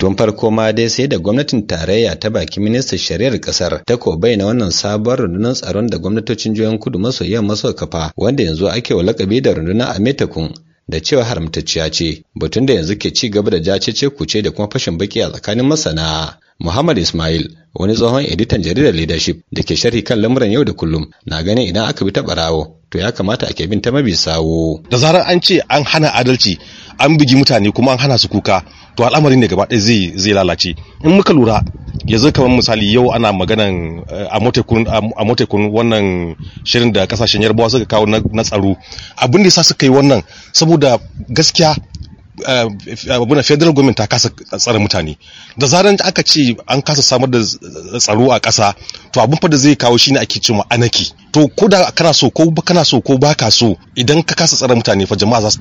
Tun farko ma dai sai da gwamnatin tarayya ta baki ministan shari'ar kasar ta ko bayyana wannan sabuwar rundunar tsaron da gwamnatocin jihohin kudu maso yamma suka kafa wanda yanzu ake wa lakabi da rundunar Ametakun da cewa haramtacciya ce batun da yanzu ke ci gaba da jacece kuce da kuma fashin baki a tsakanin masana. Muhammad Ismail wani tsohon editan jaridar leadership da ke sharhi kan lamuran yau da kullum na ganin idan aka bi ta barawo to ya kamata a bin ta mabi sawo. Da zarar an ce an hana adalci an bugi mutane kuma an hana su kuka to al'amarin ne gaba ɗaya zai zai lalace in muka lura yanzu kamar misali yau ana maganan eh, a motekun wannan shirin da kasashen yarbawa suka kawo na tsaro abin da sa suka yi wannan saboda gaskiya eh, abuna federal government ta kasa tsare mutane da zaran aka ce an kasa samar da eh, tsaro a kasa to abin fa da zai kawo shine ake cewa anaki to ko da kana so ko ba kana so ko ba ka so idan ka kasa tsare mutane fa jama'a za su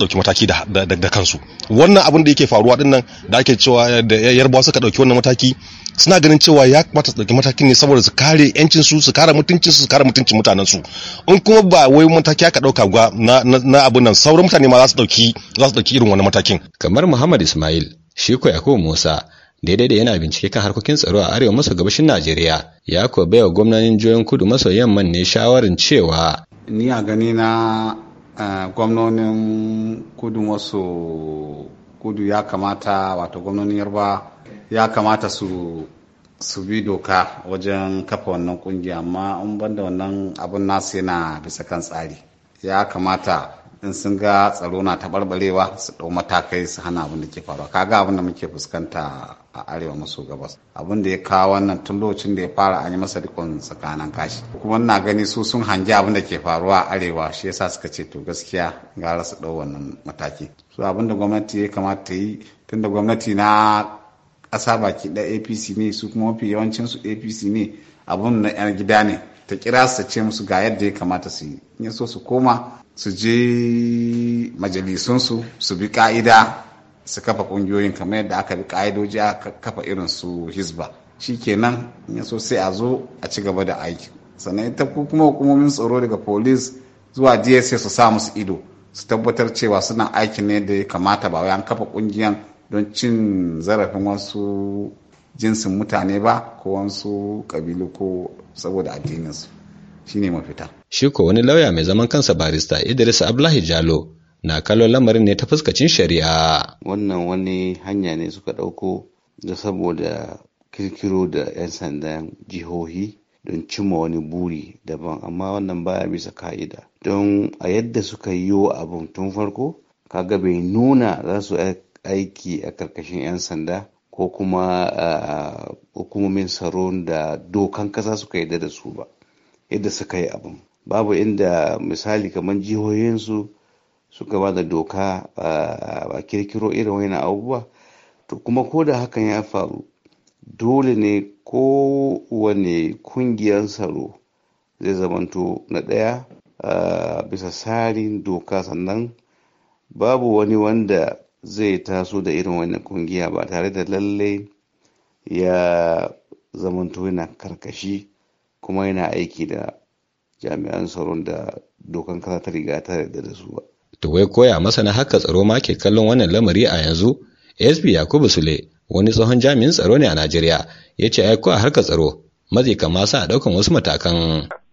dauki mataki da kansu wannan abin da yake faruwa din nan da ake cewa da yarbawa suka dauki wannan mataki suna ganin cewa ya kamata su dauki matakin ne saboda su kare yancin su su kare mutuncin su su kare mutuncin mutanen su in kuma ba wai mataki aka dauka ga na na abin nan sauran mutane ma za su dauki za su dauki irin wannan matakin kamar Muhammad Ismail shi ko Yakubu Musa daidai da yana bincike kan harkokin tsaro a arewa maso gabashin najeriya ya kuwa baiwa gwamnanin jihohin kudu maso yamman ne shawarin cewa ni a gani na gwamnonin kudu maso kudu ya kamata wato gwamnonin yarba ya kamata su su bi doka wajen kafa wannan kungiya amma in banda wannan abun nasu yana bisa kan tsari ya kamata in sun ga tsaro na taɓarɓarewa su ɗau matakai su hana abin da ke faruwa kaga abin da muke fuskanta a arewa maso gabas abin da ya kawo wannan tun lokacin da ya fara an yi masa rikon tsakanin kashi kuma na gani su sun hangi abin da ke faruwa a arewa shi yasa suka ce to gaskiya gara su ɗau wannan mataki su abin da gwamnati ya kamata ta yi tunda gwamnati na ƙasa baki ɗaya apc ne su kuma mafi yawancin su apc ne abun na yan gida ne ta kira su ce musu ga yadda ya kamata su yi in so su koma su je majalisunsu su bi ka'ida su kafa ƙungiyoyin kamar yadda aka bi ka'idoji a kafa irin su hizba shikenan in so sai a zo a ci gaba da aiki sannan ita kuma hukumomin tsaro daga police zuwa dsa su sa musu ido su tabbatar cewa suna aikin ne da ya kamata ba wai an kafa kungiyan don cin zarafin wasu jinsin mutane ba ko wansu kabilu ko saboda addininsu shine mafita shi ko wani lauya mai zaman kansa barista idris ablahi jalo na kallon lamarin ne ta fuskacin shari'a wannan wani hanya ne suka ɗauko da saboda kirkiro da 'yan sandan jihohi don cimma wani buri daban amma wannan baya bisa ka'ida don a yadda suka yi abin abun tun farko kaga bai nuna za su aiki a karkashin 'yan sanda ko kuma eh, hukumomin tsaron da dokan kasa suka yi da su ba yadda suka yi abin babu inda misali kamar jihohinsu suka ba da doka eh, a kirkiro irin wani abubuwa to kuma ko da hakan ya faru dole ne kowane kungiyar tsaro zai zamanto na ɗaya eh, bisa tsarin doka sannan babu wani wanda zai taso da irin wannan kungiya ba tare da lalle ya zamanto yana karkashi kuma yana aiki da jami'an tsaron da dokan kasa ta riga ta yarda da su ba. To wai koya masana haka tsaro ma ke kallon wannan lamari a yanzu? SB Yakubu Sule wani tsohon jami'in tsaro ne a Najeriya ya ce aiko a harkar tsaro mazi kama sa a daukan wasu matakan.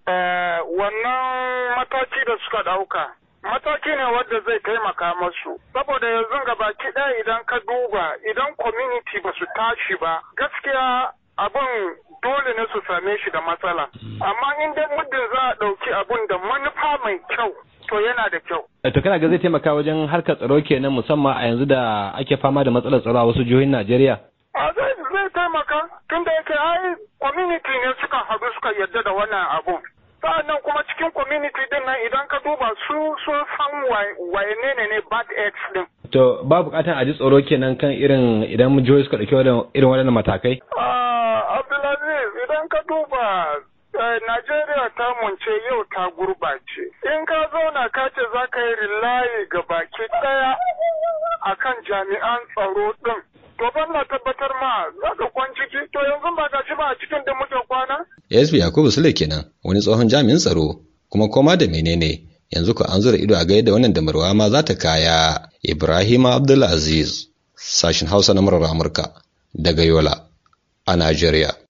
Eh, wannan mataki da suka dauka mataki ne wanda zai taimaka masu saboda yanzu ga baki ɗaya idan ka duba idan community ba su tashi ba gaskiya abin dole ne su same shi da matsala amma in dai muddin za a ɗauki abun da manufa mai kyau to yana da kyau. Eh, to kana ga zai taimaka wajen harkar tsaro kenan musamman a yanzu da ake fama da matsalar tsaro a wasu jihohin Najeriya? A zai taimaka tunda yake ai community ne suka haɗu suka yarda da wannan abun. nan kuma cikin community din nan idan ka duba su sun san waye ne ne bad eggs din to ba bukatan a ji tsoro kenan kan irin idan jihohi suka ɗauki irin waɗannan matakai ah, abdulaziz idan ka duba eh, Najeriya ta munce yau ta gurbace. In ka zauna ka ce za ka yi rilayi ga baki ɗaya a kan jami'an tsaro ɗin. To ban na tabbatar ma za ka kwanci to yanzu ba ga ci ba a cikin da muke kwana? ASB yakubu sule kenan wani tsohon jami'in tsaro kuma koma da menene yanzu ku an zura ido a gaida wannan damarwa ma za ta kaya ibrahim abdulaziz sashin hausa na murar amurka daga yola a najeriya